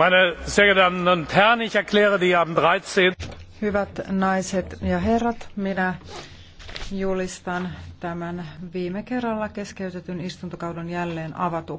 Meine sehr geehrten Damen und Herren, ich erkläre die am 13. Hyvät naiset ja herrat, minä julistan tämän viime kerralla keskeytetyn istuntokauden jälleen avatuksi.